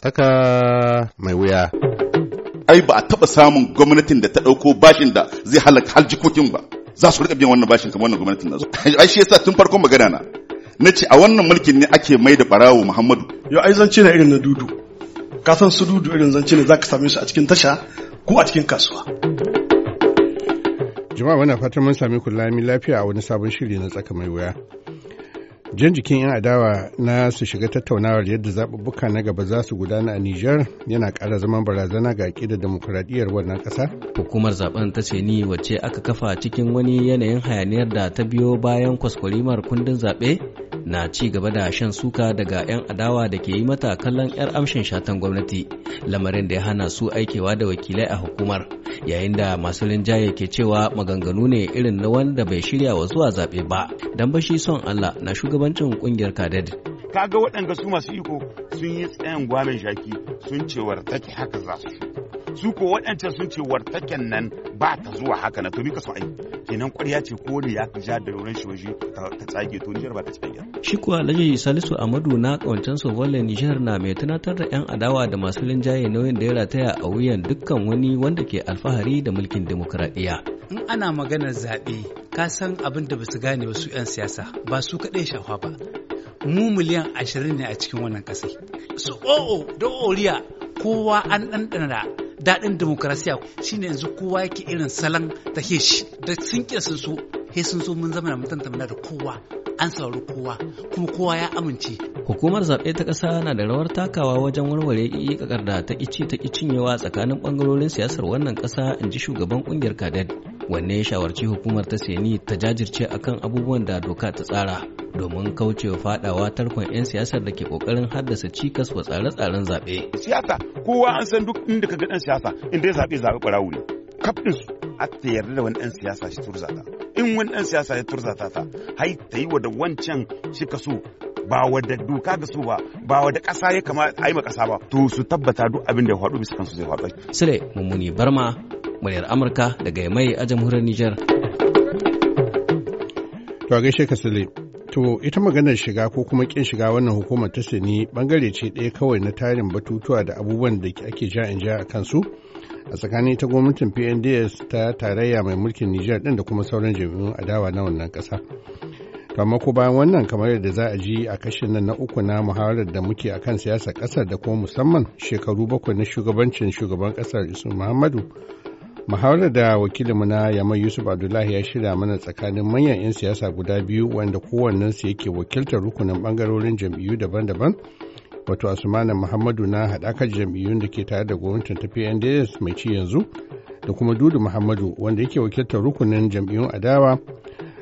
tsaka mai wuya. Ai ba a taɓa samun gwamnatin da ta ɗauko bashin da zai halaka haljikokin ba. Za su riƙa biyan wannan bashin kamar wannan gwamnatin nasu. Ai shi yasa tun farkon magana na. Na ce a wannan mulkin ne ake mai da ɓarawo Muhammadu. Yau ai zance na irin na dudu. Ka san su dudu irin zance ne za ka same su a cikin tasha ko a cikin kasuwa. Jama'a muna fatan mun sami kula lafiya a wani sabon shiri na tsaka mai wuya. jan jikin 'yan adawa na su shiga tattaunawar yadda zaɓuɓɓuka na gaba za su gudana a Nijar yana ƙara zaman barazana ga da demokuraɗiyyar wannan ƙasa? Hukumar zaɓen ta ce ni wacce aka kafa cikin wani yanayin hayaniyar da ta biyo bayan kwaskwarimar kundin zaɓe na ci gaba da shan suka daga 'yan adawa da ke yi mata kallon 'yar amshin shatan gwamnati lamarin da ya hana su aikewa da wakilai a hukumar yayin da masu rinjaye ke cewa maganganu ne irin na wanda bai shirya wa zuwa zaɓe ba dan bashi son Allah na shugabancin kungiyar kadadi kaga waɗanda su masu iko sun yi tsayin gwamin shaki sun ce wartake haka za su su ko waɗancan sun ce wartaken nan ba ta zuwa haka na to mika su ai kenan kwarya ce ko da ya ja da wurin shi waje ta tsage to Nijar ba ta tsage shi ko Alhaji Salisu Amadu na kawancan Sovolle Nijar na mai tunatar da yan adawa da masu linjaye nauyin da ya rataya a wuyan dukkan wani wanda ke alfahari da mulkin demokradiya. in ana maganar zaɓe ka san abin da basu gane ba su 'yan siyasa ba su kaɗai shafa ba mu miliyan ashirin ne a cikin wannan ƙasai su o'o oh, oh, da oriya kowa an ɗanɗana daɗin demokarasiya shine yanzu kowa yake irin salon ta shi da sun sun so he sun so mun zama mutunta da kowa an saurari kowa kuma kowa ya amince hukumar zaɓe ta ƙasa na da rawar takawa wajen warware ƙiƙakar da ta ƙici ta ƙi cinyewa tsakanin ɓangarorin siyasar wannan ƙasa in ji shugaban ƙungiyar kadad wanne ya shawarci hukumar ta seni ta jajirce akan abubuwan da doka ta tsara domin kaucewa fadawa tarkon 'yan siyasar da ke kokarin haddasa cikas wa tsare-tsaren zaɓe. siyasa kowa an san duk inda ka ga ɗan siyasa inda ya zaɓe zaɓe ɓarawo ne kaf su a ta yarda da wani ɗan siyasa shi turzata in wani ɗan siyasa ya turzata ta hai ta yi wa da wancan shi ka so ba wadda doka ga so ba ba wadda ƙasa ya kama a yi ma ƙasa ba to su tabbata duk abin da ya faɗo bisa kansu zai faɗo. Sire Mummuni Barma muryar Amurka daga Yamai a jamhuriyar Nijar. To a gaishe ka To ita maganar shiga ko kuma kin shiga wannan hukumar ta sani bangare ce ɗaya kawai na tarin batutuwa da abubuwan da ake ja in ja a kansu a tsakanin ta gwamnatin PNDS ta tarayya mai mulkin Nijar ɗin da kuma sauran jami'un adawa na wannan ƙasa. amma ko bayan wannan kamar yadda za a ji a kashin nan na uku na muhawarar da muke akan siyasar kasar da kuma musamman shekaru bakwai na shugabancin shugaban kasar isu muhammadu muhawarar da wakilinmu na yamma yusuf abdullahi ya shirya mana tsakanin manyan 'yan siyasa guda biyu wanda kowannensu yake wakiltar rukunin bangarorin jam'iyyu daban-daban wato asumana muhammadu na haɗakar jam'iyyun da ke tare da gwamnatin ta pnds mai ci yanzu da kuma dudu muhammadu wanda yake wakiltar rukunin jam'iyyun adawa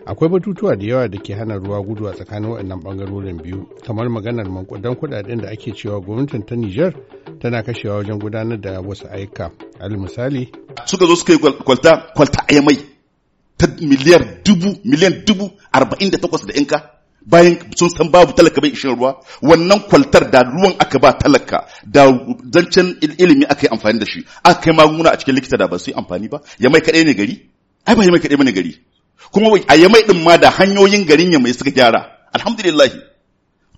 akwai batutuwa da yawa da ke hana ruwa gudu a tsakanin waɗannan bangarorin biyu kamar maganar mankudan kuɗaɗen da ake cewa gwamnatin ta Nijar tana kashewa wajen gudanar da wasu aika, al misali suka zo suka yi kwalta kwalta a yamai ta miliyar dubu miliyan dubu arba'in da takwas da yanka bayan sun san babu talaka bai ishin ruwa wannan kwaltar da ruwan aka ba talaka da zancen ilimi aka yi amfani da shi aka kai magunguna a cikin likita da ba su yi amfani ba yamai kaɗai ne gari ai ba yamai kaɗai ne gari kuma a yamai ɗin ma da hanyoyin garin yamai suka gyara alhamdulillah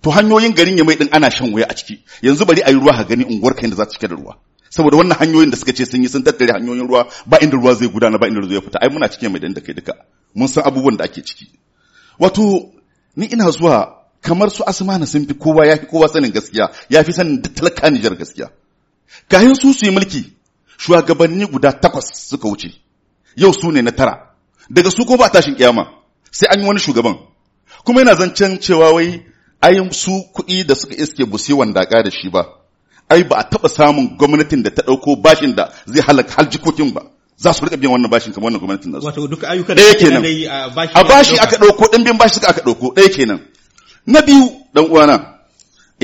to hanyoyin garin yamai ɗin ana shan wuya a ciki yanzu bari a yi ruwa ka gani unguwar kai da za ta cike da ruwa saboda wannan hanyoyin da suka ce sun yi sun tattare hanyoyin ruwa ba inda ruwa zai gudana ba inda ruwa zai fita ai muna cikin mai da kai duka mun san abubuwan da ake ciki wato ni ina zuwa kamar su asmana sun fi kowa ya kowa sanin gaskiya ya fi sanin da talaka Nijar gaskiya kayan su su yi mulki shugabanni guda takwas suka wuce yau su ne na tara daga su ko ba tashin kiyama sai an yi wani shugaban kuma yana zancen cewa wai ayin su kuɗi da suka iske busi wanda da shi ba ai ba a taba samun gwamnatin da ta dauko bashin da zai halaka haljikokin ba za su rika biyan wannan bashin kamar wannan gwamnatin nasu wato duka ayyukan da nan ah, a bashi aka dauko dan biyan bashi suka aka dauko ɗaya kenan na biyu dan uwana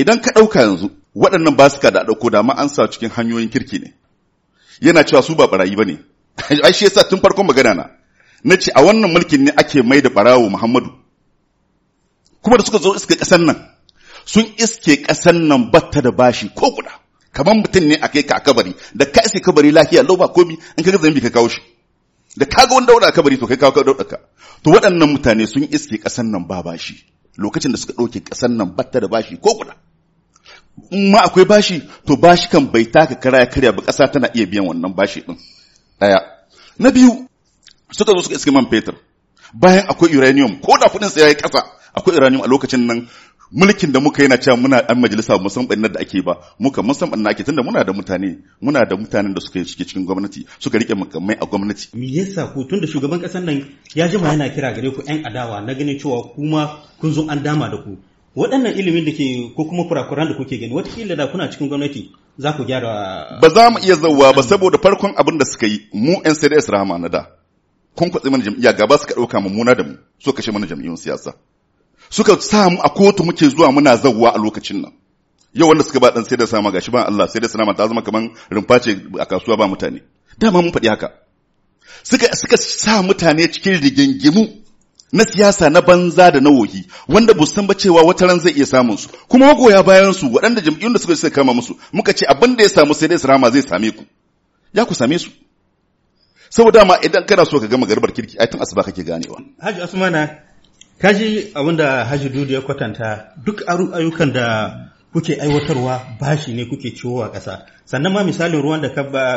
idan ka dauka yanzu waɗannan ba suka da dauko da ma an sa cikin hanyoyin kirki ne yana cewa su ba barayi bane ai shi yasa tun farkon magana na na ce a wannan mulkin ne ake mai da barawo Muhammadu kuma da suka zo iske kasan nan sun iske kasan nan batta da bashi ko guda kamar mutum ne a kai ka kabari da ka isa kabari lafiya lau ba komi in ka ga zambi ka kawo shi da ka ga wani a kabari to kai kawo daudaka to waɗannan mutane sun iske ƙasan nan ba bashi lokacin da suka ɗauke ƙasan nan batta da bashi ko kuɗa in ma akwai bashi to bashi kan bai taka kara ya karya ba ƙasa tana iya biyan wannan bashi ɗin ɗaya na biyu suka zo suka iske man fetur bayan akwai uranium ko da kuɗin sa yayi ƙasa akwai uranium a lokacin nan mulkin da muka yana cewa muna an majalisa mu san ɓannar da ake ba muka mun san ɓannar ake tunda muna da mutane muna da mutanen da suka shige cikin gwamnati suka rike makamai a gwamnati me yasa ku tunda shugaban ƙasar nan ya jima yana kira gare ku ƴan adawa na ganin cewa kuma kun zo an dama da ku waɗannan ilimin da ke ko kuma kurakuran da kuke gani wataƙila da kuna cikin gwamnati za ku gyara ba za mu iya zauwa ba saboda farkon abin da suka yi mu 'yan sai da isra'ama na da kun kwatsi mana jam'iyya gaba suka ɗauka mummuna da mu so kashe mana jam'iyyun siyasa suka sa mu a kotu muke zuwa muna zawwa a lokacin nan yau wanda suka ba dan sai da sama gashi ba Allah sai da sama ta zama kaman rumfa ce a kasuwa ba mutane dama mun faɗi haka suka suka sa mutane cikin rigingimu na siyasa na banza da na wohi wanda bu san ba cewa wata ran zai iya samun su kuma magoya bayan su waɗanda jam'iyyun da suka sai kama musu muka ce abin da ya samu sai dai rama zai same ku ya ku same su saboda ma idan kana so ka gama garbar kirki ai tun asuba kake ganewa haji Usmana kaji abinda Haji Dudu ya kwatanta duk ayyukan da kuke aiwatarwa bashi ne kuke ciwo a ƙasa sannan ma misalin ruwan da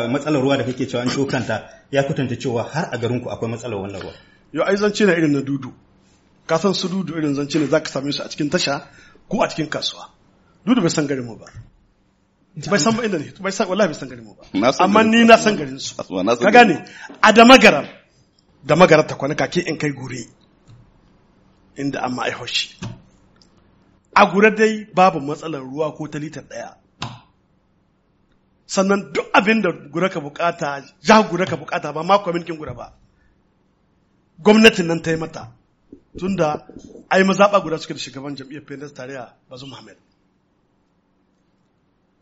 matsalar ruwa da kake cewa an ciwo kanta ya kwatanta cewa har a garin ku akwai matsalar wannan ruwa yau ai zance na irin na dudu ka san su dudu irin zance ne zaka same su a cikin tasha ko a cikin kasuwa dudu bai san garin mu ba bai san ba inda ne bai san wallahi bai san garin mu ba amma ni na san garin su ka gane a da magaran da magarar ta kwana kake in kai gure inda an ma'aihar shi a gura dai babu matsalar ruwa ko ta litar ɗaya sannan duk abin da gura ka bukata ja gura ka bukata ba mako kwaminkin gura ba gwamnatin nan ta yi mata tunda ai mazaɓa guda suke da shugaban jam'iyyar pendas tarayya bazu muhammad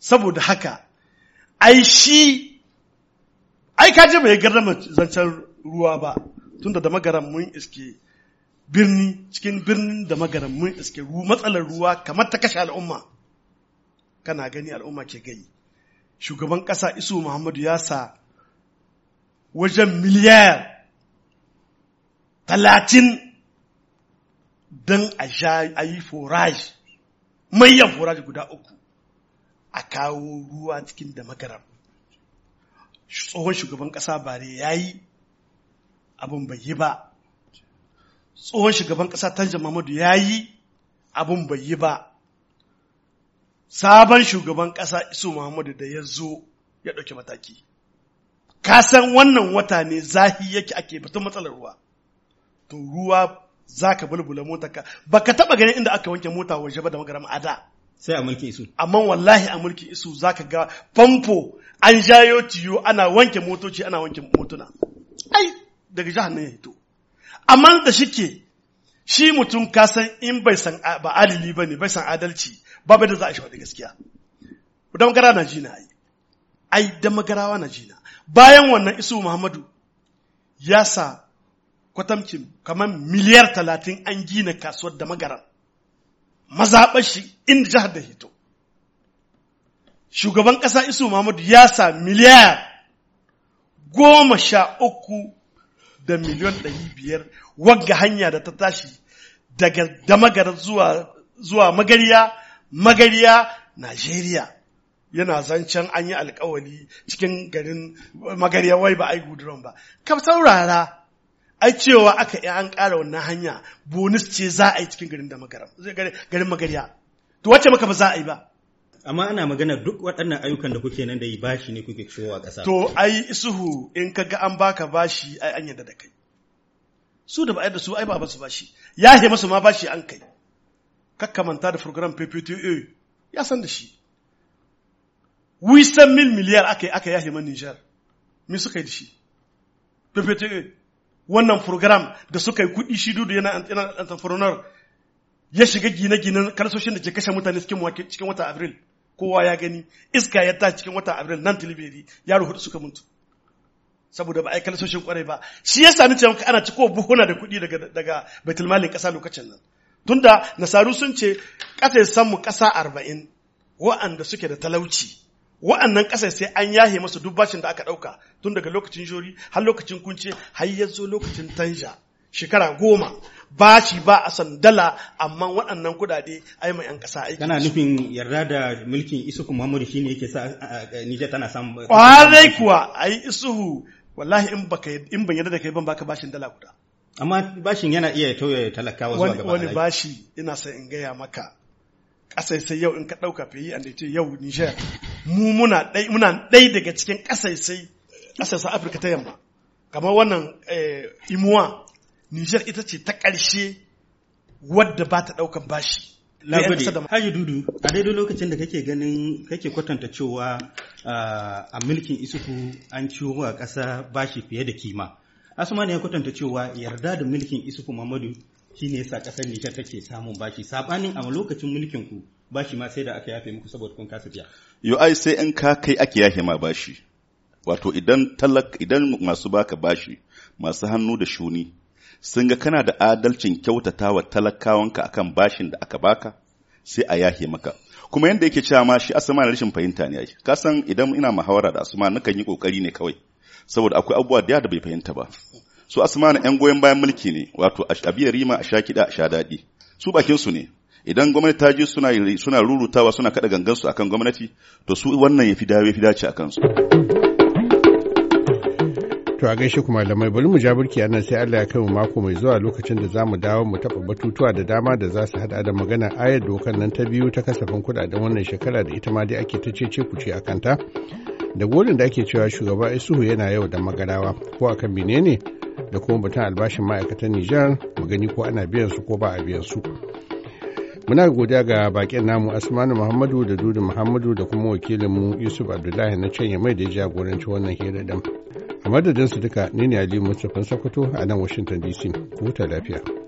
saboda haka ai shi ai kaje bai garrama zancen ruwa ba tunda da magaran mun iske birni cikin birnin da magaran mun iske matsalar ruwa kamar ta kashe al'umma kana gani al'umma ke gani shugaban ƙasa isu muhammadu ya sa wajen miliyar talatin don a yi forage manyan forage guda uku a kawo ruwa cikin da magaram tsohon shugaban ƙasa bare ya yi abin bai yi ba tsohon shugaban ƙasa tanjan mamadu ya yi abin bai yi ba sabon shugaban ƙasa iso muhammadu da ya zo ya ɗauki mataki ka san wannan wata ne zahi yake ake batun matsalar ruwa to ruwa za ka bulbula mota ka ba ka taɓa ganin inda aka wanke mota waje ba da magaram a da sai a mulki isu amma wallahi a mulki isu za ka ga famfo an jayo tiyo ana wanke motoci ana wanke motuna ai daga jihar nan ya hito amma da shi ke shi mutum ka in bai san ba adali ba ne bai san adalci ba bai da za a shi wani gaskiya da magara na jina ai ai da magarawa na jina bayan wannan isu muhammadu ya sa kwatamcin kamar miliyar talatin an gina kasuwar da magaran mazaɓar shi inda jihar da hito shugaban ƙasa isu muhammadu ya sa miliyar goma sha uku da miliyon ɗari biyar wagga hanya da ta tashi daga damagar zuwa zuwa magariya magariya Najeriya yana zancen an yi alkawali cikin garin magariya wai ba a yi guduran ba kam saurara ai cewa aka yi an ƙara wannan hanya bonus ce za a yi cikin garin da garin magariya to wacce maka ba za a yi ba amma ana magana duk waɗannan ayyukan da kuke nan da yi bashi ne kuke ciwowa ƙasa to ai isuhu in ka ga an baka bashi ai an yadda da kai su da ba'ai da su ai ba su bashi ya he masu ma bashi an kai kakkamanta da program PPTA ya san da shi wisan mil miliyar aka yi aka yahe man Nijar me suka yi da shi PPTA wannan program da suka yi kuɗi shi dudu yana entrepreneur ya shiga gine-ginen karsoshin da ke kashe mutane cikin wata Abril kowa ya gani iska ya ta cikin wata abril nan tilibiri yaro hudu suka mutu saboda ba a yi kalsoshin kwarai ba shi yasa ni ce ana ana ciko buhuna da kuɗi daga daga baitul ƙasa lokacin nan tunda nasaru sun ce ƙasa ya samu ƙasa arba'in wa'anda suke da talauci wa'annan ƙasa sai an yahe masu duk da aka ɗauka tun daga lokacin jori har lokacin kunce har ya zo lokacin tanja shekara goma bashi ba a sandala amma waɗannan a yi mai yan ƙasa aiki. Kana nufin yarda da mulkin Isuhu Muhammadu shine yake sa Nijar tana samun. Kwarai kuwa yi Isuhu wallahi in in ban yarda da kai ban baka bashin dala guda. Amma bashin yana iya tauye talakawa zuwa gaba. Wani bashi ina sai in gaya maka ƙasai sai yau in ka ɗauka fiye a ce yau Nijar mu muna ɗai muna ɗai daga cikin ƙasai sai ƙasai Afirka ta yamma. Kamar wannan eh, imuwa Nijar ita ce ta ƙarshe wadda ba ta ɗaukan bashi. Lagode, Haji Dudu, a daidai lokacin da kake ganin kake kwatanta cewa a mulkin isuku an ciwo a ƙasa bashi fiye da kima. Asuma ne ya kwatanta cewa yarda da mulkin isuku Muhammadu shi ne sa ƙasar Nijar take samun bashi. Saɓanin a lokacin mulkin ku bashi ma sai da aka yafe muku saboda kun kasa biya. Yo ai sai in ka kai ake yafe ma bashi. Wato idan talak idan masu baka bashi masu hannu da shuni sun ga kana da adalcin kyautata wa talakawanka kan bashin da aka baka sai a yahe maka kuma yadda yake cewa ma shi asuma na rashin fahimta ne ake ka idan ina muhawara da asuma nakan yi kokari ne kawai saboda akwai abubuwa da da bai fahimta ba su asuma na yan goyon bayan mulki ne wato a abiya rima a sha kida a sha daɗi su bakin su ne idan gwamnati ta ji suna suna rurutawa suna kaɗa gangan su akan gwamnati to su wannan yafi dawo fi dace akan su To a gaishe ku malamai bari mu ja burki anan sai Allah ya kai mu mako mai zuwa lokacin da zamu dawo mu taɓa batutuwa da dama da za su hada da magana ayar dokar nan ta biyu ta kasafin kudaden wannan shekara da ita ma dai ake ta cece ku ce akan ta. Da gurin da ake cewa shugaba Isuhu yana yau da magarawa ko a akan menene da kuma batun albashin ma'aikatan Nijar mu gani ko ana biyan su ko ba a biyan su. Muna godiya ga bakin namu Asmanu Muhammadu da Dudu Muhammadu da kuma wakilinmu Yusuf Abdullahi na can mai da ya jagoranci wannan hira din. kamar da jinsu duka ne ne aliyu mustapha sokoto a nan washington dc huta lafiya